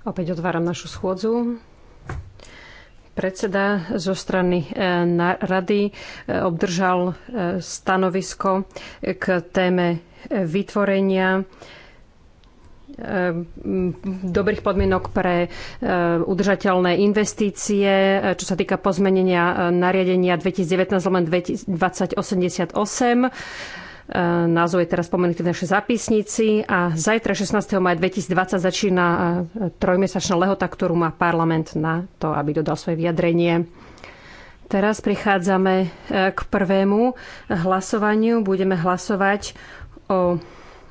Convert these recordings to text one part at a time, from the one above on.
Opäť otváram našu schôdzu. Predseda zo strany e, rady e, obdržal e, stanovisko k téme vytvorenia dobrých podmienok pre udržateľné investície, čo sa týka pozmenenia nariadenia 2019-2088 Eh, názov je teraz spomenutý v našej zapisnici a zajtra 16. maja 2020 začína eh, trojmesačná lehota, ktorú má parlament na to, aby dodal svoje vyjadrenie. Teraz prichádzame eh, k prvému hlasovaniu. Budeme hlasovať o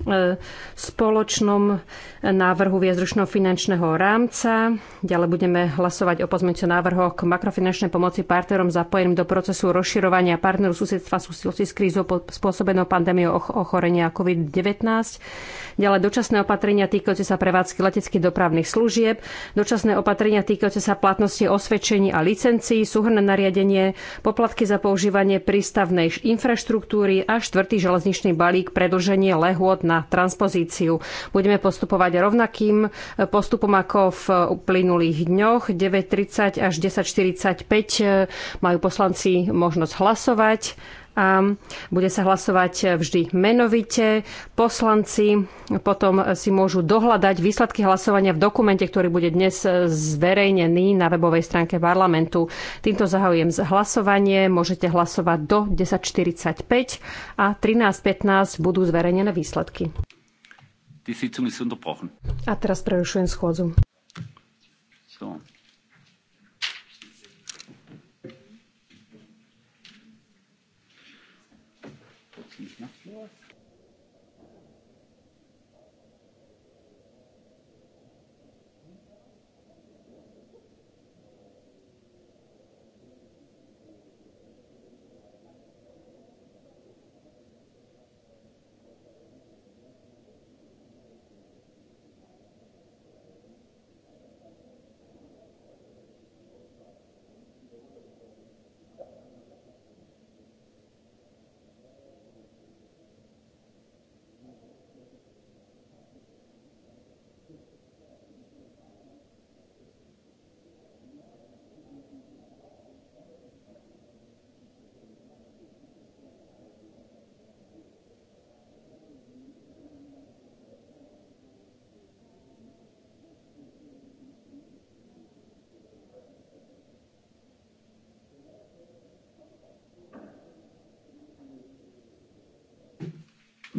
E, spoločnom návrhu viacročného finančného rámca. Ďalej budeme hlasovať o pozmeňujúcich návrhoch k makrofinančnej pomoci partnerom zapojeným do procesu rozširovania partnerov susedstva súvislosti s krízou spôsobenou pandémiou ochorenia COVID-19. Ďalej dočasné opatrenia týkajúce sa prevádzky leteckých dopravných služieb, dočasné opatrenia týkajúce sa platnosti osvedčení a licencií, súhrné nariadenie, poplatky za používanie prístavnej infraštruktúry a štvrtý železničný balík predlženie lehôd na transpozíciu. Budeme postupovať rovnakým postupom ako v uplynulých dňoch. 9.30 až 10.45 eh, majú poslanci možnosť hlasovať a bude sa hlasovať vždy menovite. Poslanci potom si môžu dohľadať výsledky hlasovania v dokumente, ktorý bude dnes zverejnený na webovej stránke parlamentu. Týmto zahajujem hlasovanie. Môžete hlasovať do 10.45 a 13.15 budú zverejnené výsledky. A teraz prerušujem schôdzu. So.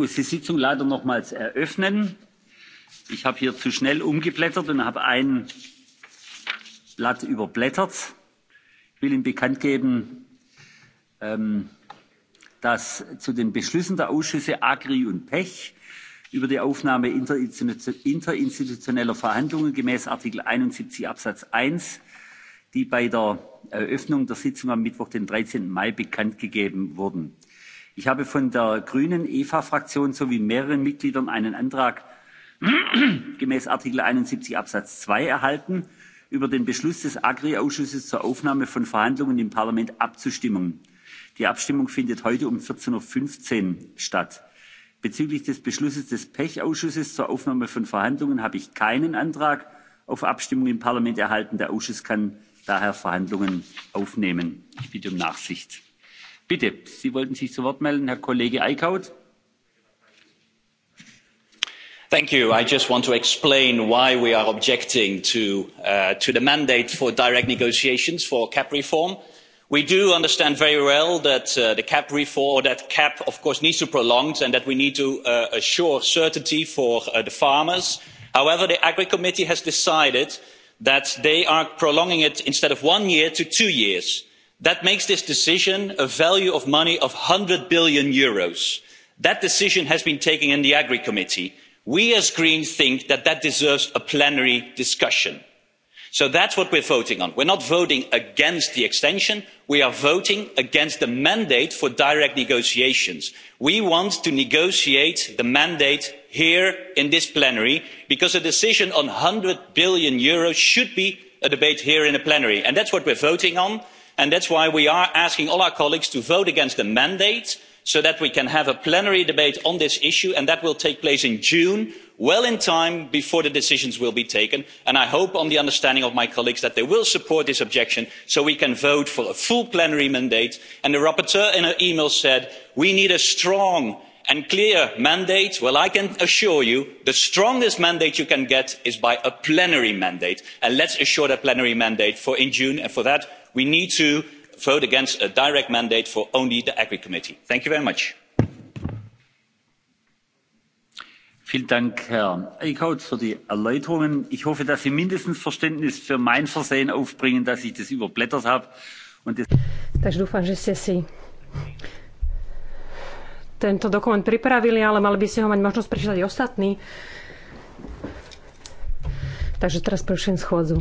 muss die sitzung leider nochmals eröffnen. ich habe hier zu schnell umgeblättert und habe ein blatt überblättert. ich will ihnen bekannt geben ähm, dass zu den beschlüssen der ausschüsse agri und pech über die aufnahme interinstitutioneller verhandlungen gemäß artikel einundsiebzig absatz eins die bei der eröffnung der sitzung am mittwoch den. dreizehn mai bekanntgegeben wurden ich habe von der grünen eva fraktion sowie mehreren mitgliedern einen antrag gemäß artikel einundsiebzig absatz zwei erhalten über den beschluss des agri ausschusses zur aufnahme von verhandlungen im parlament abzustimmen. die abstimmung findet heute um. vierzehn fünfzehn uhr statt. bezüglich des beschlusses des pech ausschusses zur aufnahme von verhandlungen habe ich keinen antrag auf abstimmung im parlament erhalten. der ausschuss kann daher verhandlungen aufnehmen. ich bitte um nachsicht bitte sie wollten sich zu wort melden herr kollege eickhout. i just want to explain why we are objecting uh, to, the mandate for direct negotiations for cap reform. we do understand very well that uh, the cap reform or that cap of course needs to be prolonged and that we need to uh, assure certainty for the farmers. however the agri committee has decided that they are prolonging it instead of one year to two years that makes this decision a value of money of eur one hundred billion. that decision has been taken in the agri committee. we as greens think that that deserves a plenary discussion. so that's what we're voting on. we're not voting against the extension we are voting against the mandate for direct negotiations. we want to negotiate the mandate here in this plenary because a decision on eur one hundred billion should be a debate here in the plenary and that's what we're voting on and that's why we are asking all our colleagues to vote against the mandate so that we can have a plenary debate on this issue and that will take place in june well in time before the decisions will be taken and i hope on the understanding of my colleagues that they will support this objection so we can vote for a full plenary mandate and the rapporteur in her email said we need a strong and clear mandate well i can assure you the strongest mandate you can get is by a plenary mandate and let's assure that plenary mandate for in june and for that we need to vote against a direct mandate for only the agri committee. thank you very much. Ich hoffe, dass Sie mindestens Verständnis für mein Versehen aufbringen, dass ich das überblättert habe. Takže dúfam, že ste si tento dokument pripravili, ale mali by ste ho mať možnosť prečítať ostatní. Takže teraz prerušujem schôdzu.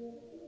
Thank you.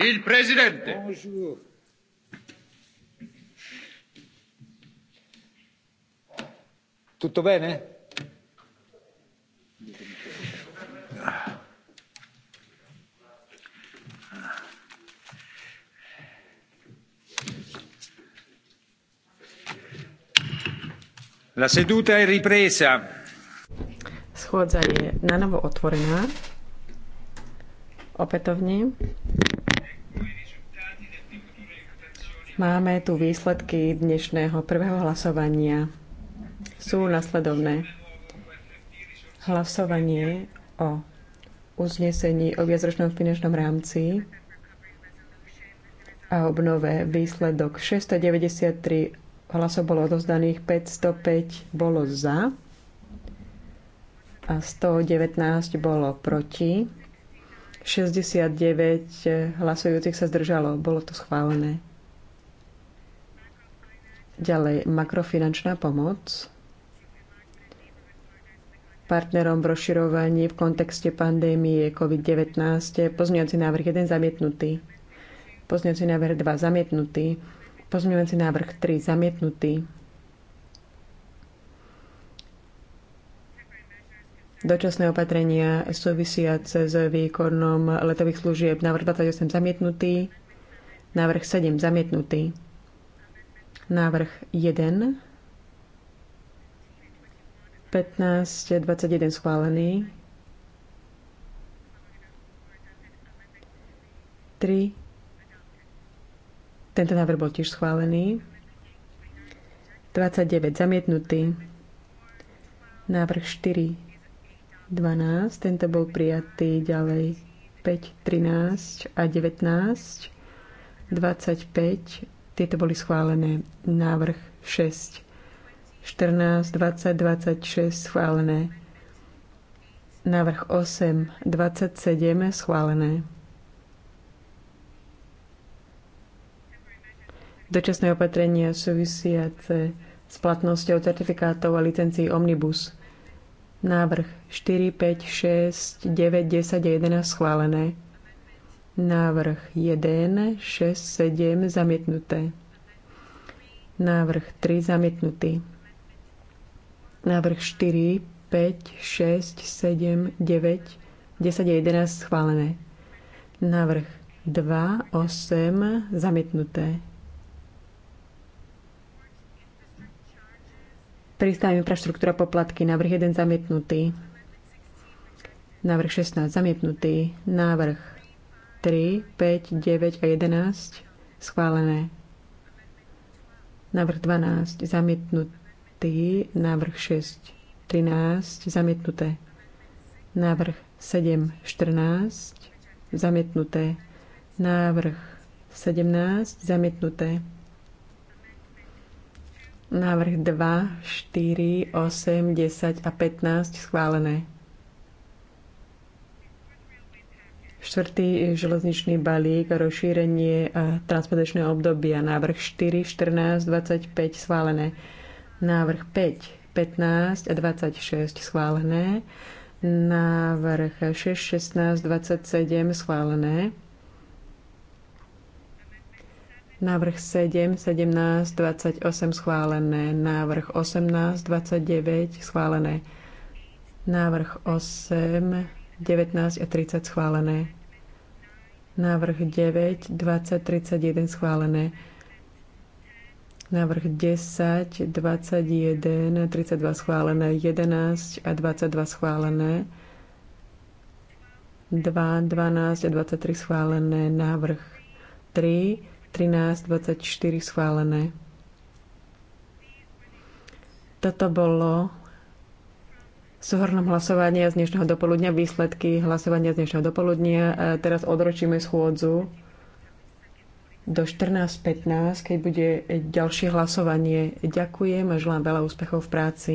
Il presidente. Bonjour. Tutto bene? La seduta è ripresa. Schodza je nanovo novo otvorená. Opätovne. Máme tu výsledky dnešného prvého hlasovania. Sú nasledovné. Hlasovanie o uznesení o viacročnom finančnom rámci a obnove výsledok 693 hlasov bolo odozdaných, 505 bolo za a 119 bolo proti. 69 hlasujúcich sa zdržalo. Bolo to schválené. Ďalej, makrofinančná pomoc partnerom v rozširovaní v kontexte pandémie COVID-19. Pozňujúci návrh 1 zamietnutý. Pozňujúci návrh 2 zamietnutý. pozňovací návrh 3 zamietnutý. Dočasné opatrenia súvisiace s výkonom letových služieb. Návrh 28 zamietnutý. Návrh 7 zamietnutý. Návrh 1. 15, 21 schválený. 3. Tento návrh bol tiež schválený. 29 zamietnutý. Návrh 4. 12. Tento bol prijatý ďalej. 5, 13 a 19. 25 tieto boli schválené. Návrh 6. 14, 20, 26 schválené. Návrh 8, 27 schválené. Dočasné opatrenia súvisiace s platnosťou certifikátov a licencií Omnibus. Návrh 4, 5, 6, 9, 10 a 11 schválené. Návrh 1, 6, 7 zamietnuté. Návrh 3 zamietnutý. Návrh 4, 5, 6, 7, 9, 10 a 11 schválené. Návrh 2, 8 zamietnuté. Prístavy infraštruktúra poplatky. Návrh 1 zamietnutý. Návrh 16 zamietnutý. Návrh 3, 5, 9 a 11 schválené. Návrh 12 zamietnutý, návrh 6 13 zamietnuté. Návrh 7 14 zamietnuté. Návrh 17 zamietnuté. Návrh 2, 4, 8, 10 a 15 schválené. Štvrtý eh, železničný balík, rozšírenie a eh, transpozičné obdobia. Návrh 4, 14, 25 schválené. Návrh 5, 15 a 26 schválené. Návrh 6, 16, 27 schválené. Návrh 7, 17, 28 schválené. Návrh 18, 29 schválené. Návrh 8, 19 a 30 schválené. Návrh 9, 20, 31 schválené. Návrh 10, 21, 32 schválené, 11 a 22 schválené, 2, 12 a 23 schválené, návrh 3, 13, 24 schválené. Toto bolo Súhrnom hlasovania z dnešného dopoludnia, výsledky hlasovania z dnešného dopoludnia. E, teraz odročíme schôdzu do 14.15, keď bude ďalšie hlasovanie. Ďakujem a želám veľa úspechov v práci.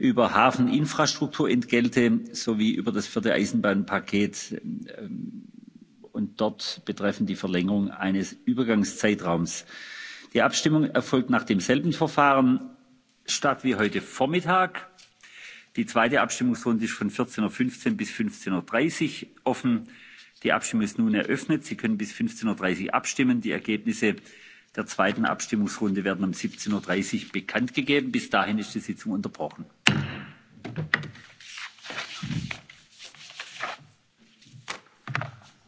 über hafeninfrastrukturentgelte sowie über das vierte eisenbahnpaket ähm, und dort betreffend die verlängerung eines übergangszeitraums. die abstimmung erfolgt nach demselben verfahren statt wie heute vormittag. die zweite abstimmungsrunde ist von. vierzehn fünfzehn bis. fünfzehn dreißig uhr offen. die abstimmung ist nun eröffnet. sie können bis. fünfzehn dreißig uhr abstimmen. die ergebnisse der zweiten abstimmungsrunde werden um. siebzehn dreißig uhr bekanntgegeben. bis dahin ist die sitzung unterbrochen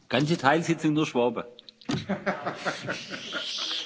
ganze teilsitzung nur schwabe.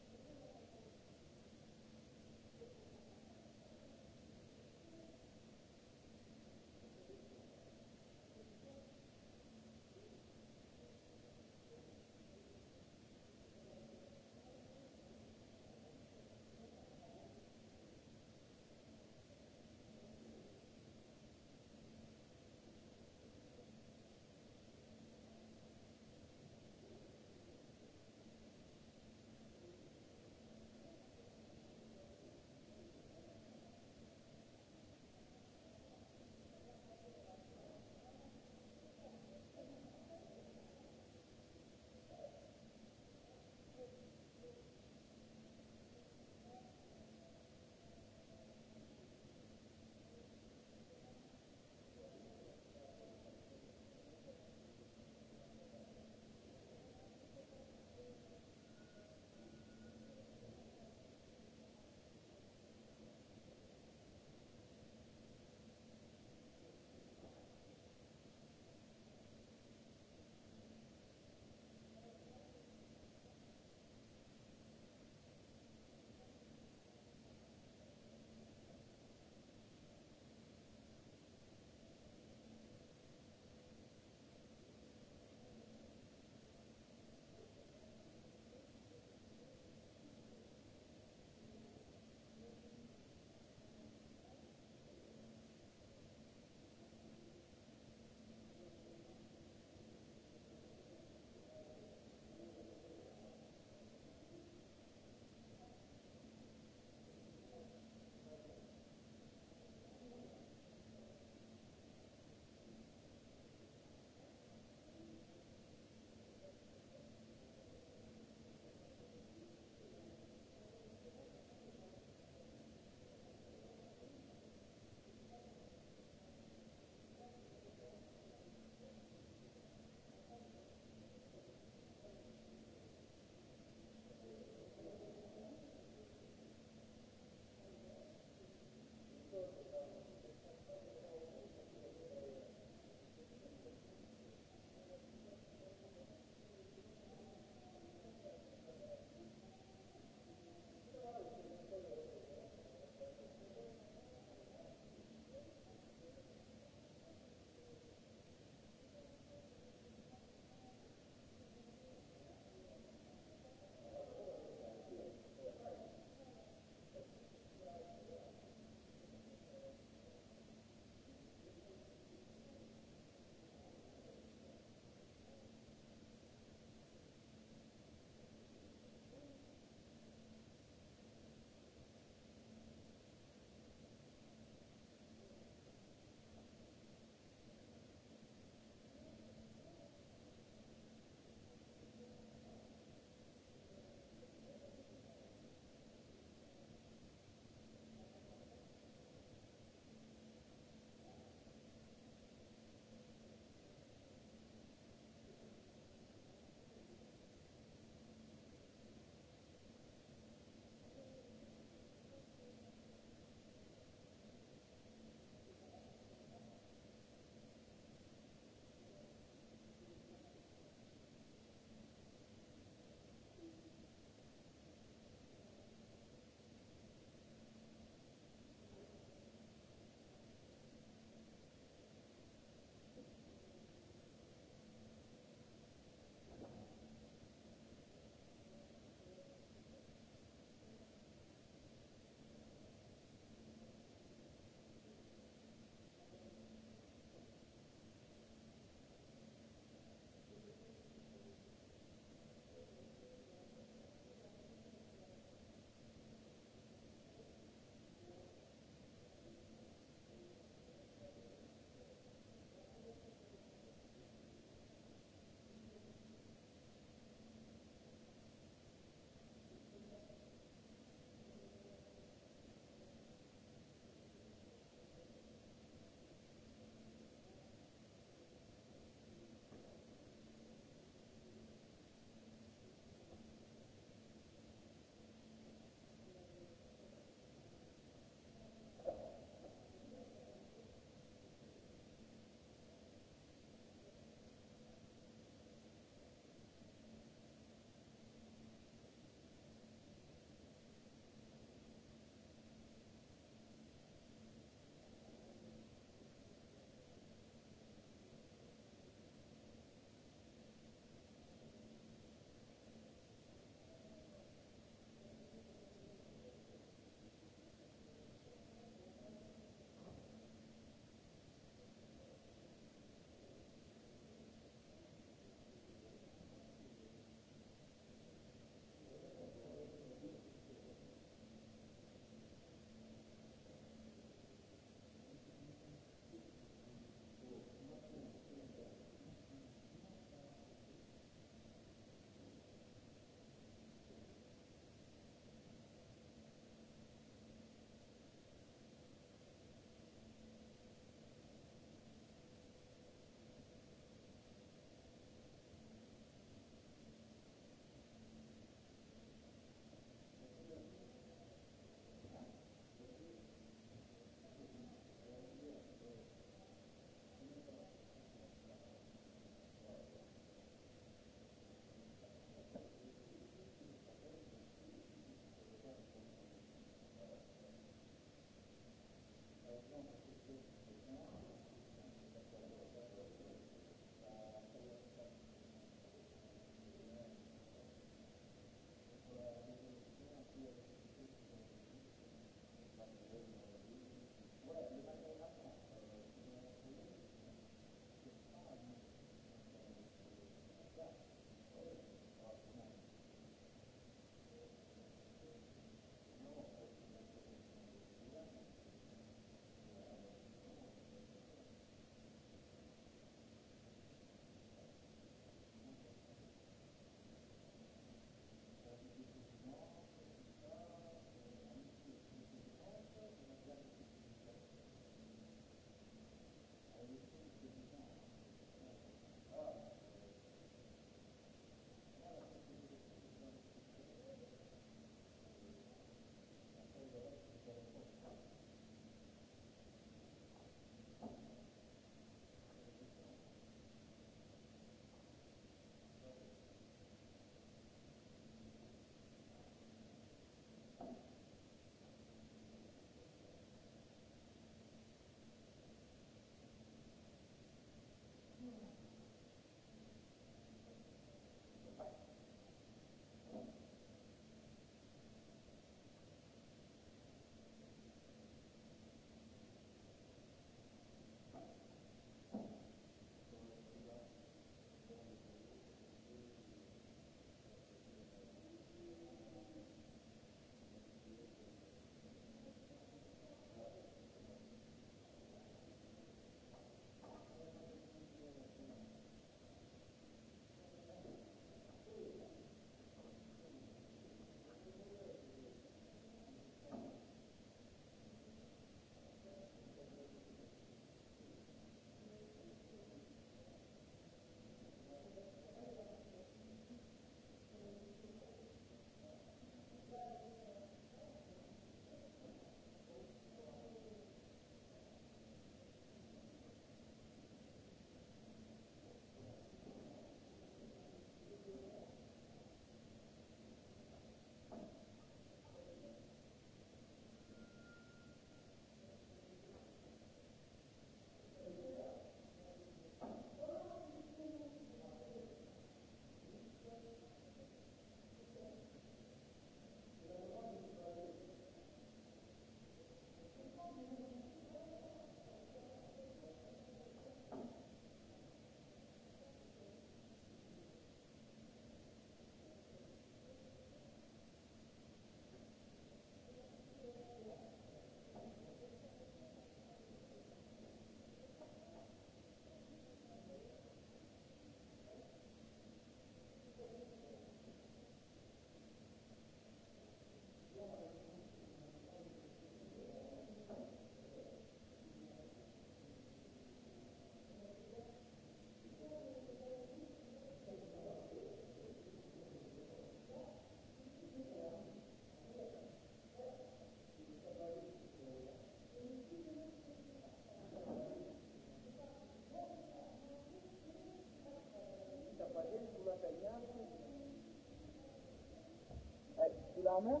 l'Islam,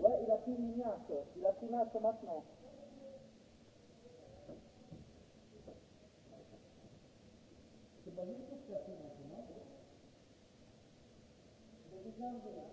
ouais, il a plus l'ignace, il a plus l'âge maintenant. C'est pas lui qui a maintenant.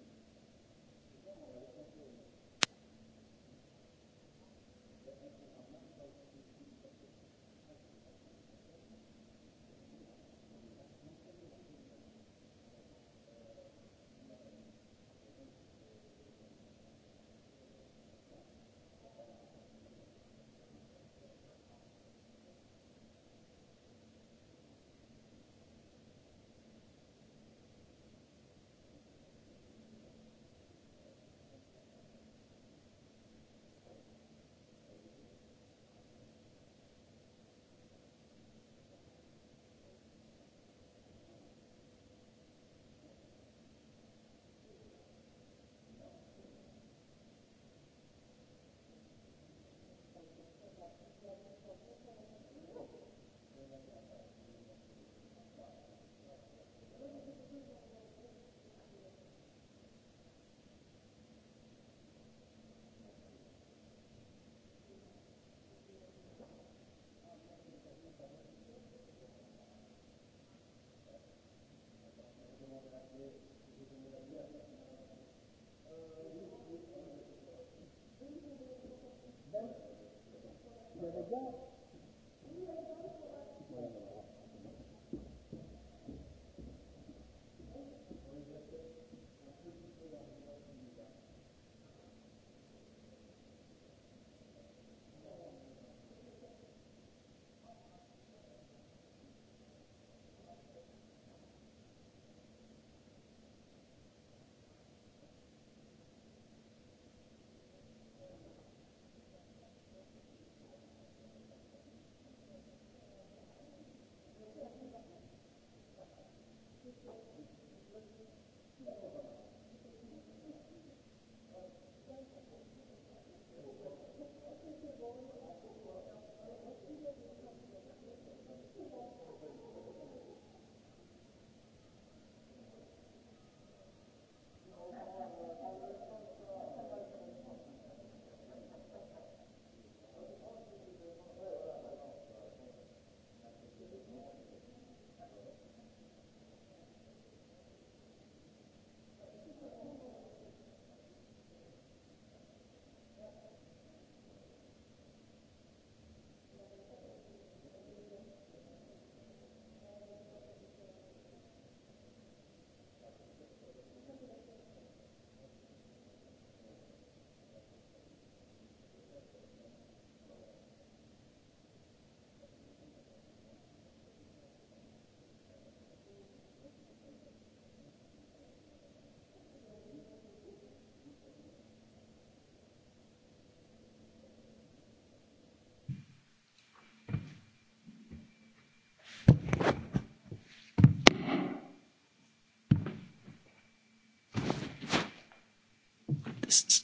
journalists.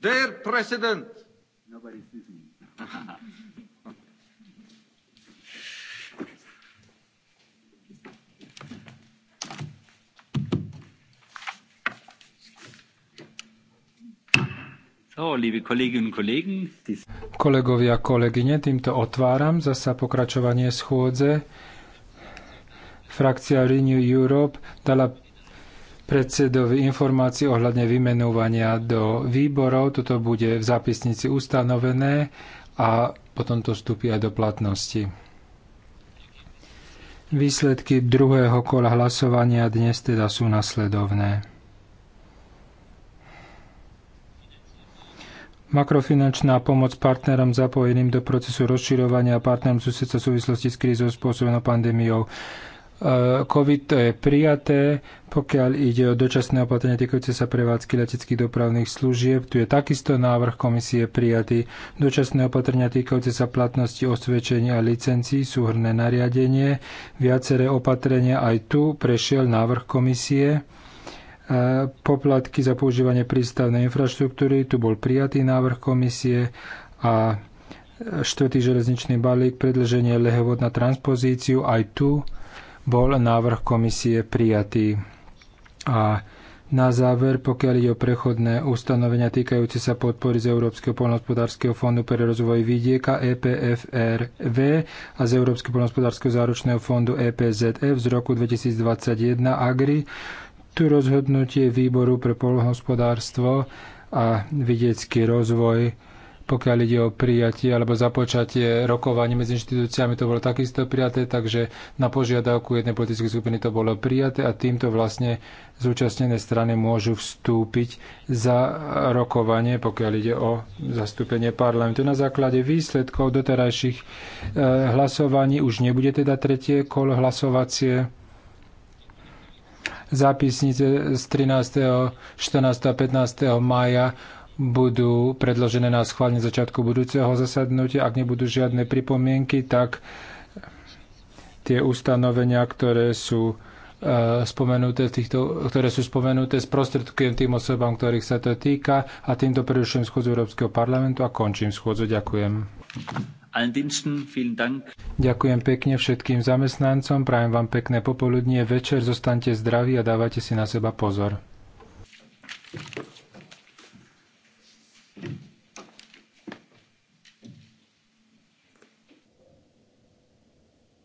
Dear President. Nobody's listening. So, liebe Kolleginnen und Kollegen, dies... Kolegovia, kolegyne, týmto otváram zasa pokračovanie schôdze. Frakcia Renew Europe dala predsedovi informácií ohľadne vymenovania do výborov. Toto bude v zápisnici ustanovené a potom to vstúpi aj do platnosti. Výsledky druhého kola hlasovania dnes teda sú nasledovné. Makrofinančná pomoc partnerom zapojeným do procesu rozširovania a partnerom susedca v súvislosti s krízou spôsobenou pandémiou COVID to je prijaté, pokiaľ ide o dočasné opatrenia týkajúce sa prevádzky leteckých dopravných služieb, tu je takisto návrh komisie prijatý. Dočasné opatrenia týkajúce sa platnosti osvedčenia a licencií, súhrné nariadenie, viaceré opatrenia aj tu prešiel návrh komisie. E, poplatky za používanie prístavnej infraštruktúry, tu bol prijatý návrh komisie a štvrtý železničný balík, predlženie lehovod na transpozíciu, aj tu bol návrh komisie prijatý. A na záver, pokiaľ ide o prechodné ustanovenia týkajúce sa podpory z Európskeho poľnohospodárskeho fondu pre rozvoj vidieka EPFRV a z Európskeho poľnohospodárskeho záručného fondu EPZF z roku 2021 AGRI, tu rozhodnutie výboru pre poľnohospodárstvo a vidiecký rozvoj pokiaľ ide o prijatie alebo započatie rokovaní medzi inštitúciami, to bolo takisto prijaté, takže na požiadavku jednej politickej skupiny to bolo prijaté a týmto vlastne zúčastnené strany môžu vstúpiť za rokovanie, pokiaľ ide o zastúpenie parlamentu. Na základe výsledkov doterajších eh, hlasovaní už nebude teda tretie kolo hlasovacie zápisnice z 13., 14. a 15. maja budú predložené na schválenie začiatku budúceho zasadnutia. Ak nebudú žiadne pripomienky, tak tie ustanovenia, ktoré sú e, spomenuté, týchto, ktoré sú spomenuté, sprostredkujem tým osobám, ktorých sa to týka a týmto prerušujem schôdzu Európskeho parlamentu a končím schôdzu. Ďakujem. Ďakujem pekne všetkým zamestnancom, prajem vám pekné popoludnie, večer, zostaňte zdraví a dávajte si na seba pozor.